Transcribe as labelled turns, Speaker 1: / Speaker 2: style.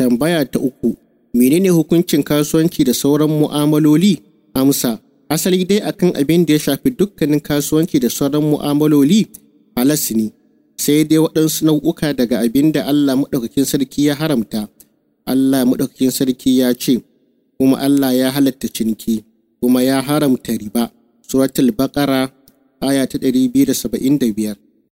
Speaker 1: Tambaya ta uku, menene hukuncin kasuwanci da sauran mu'amaloli? Amsa, asali dai akan abin da ya shafi dukkanin kasuwanci da sauran mu'amaloli halas ne, sai dai waɗansu nau'uka daga abin da Allah maɗaukakin sarki ya haramta. Allah maɗaukakin sarki ya ce, kuma Allah ya halatta ciniki, kuma ya haramta riba. Suratul Baqara aya ta 275.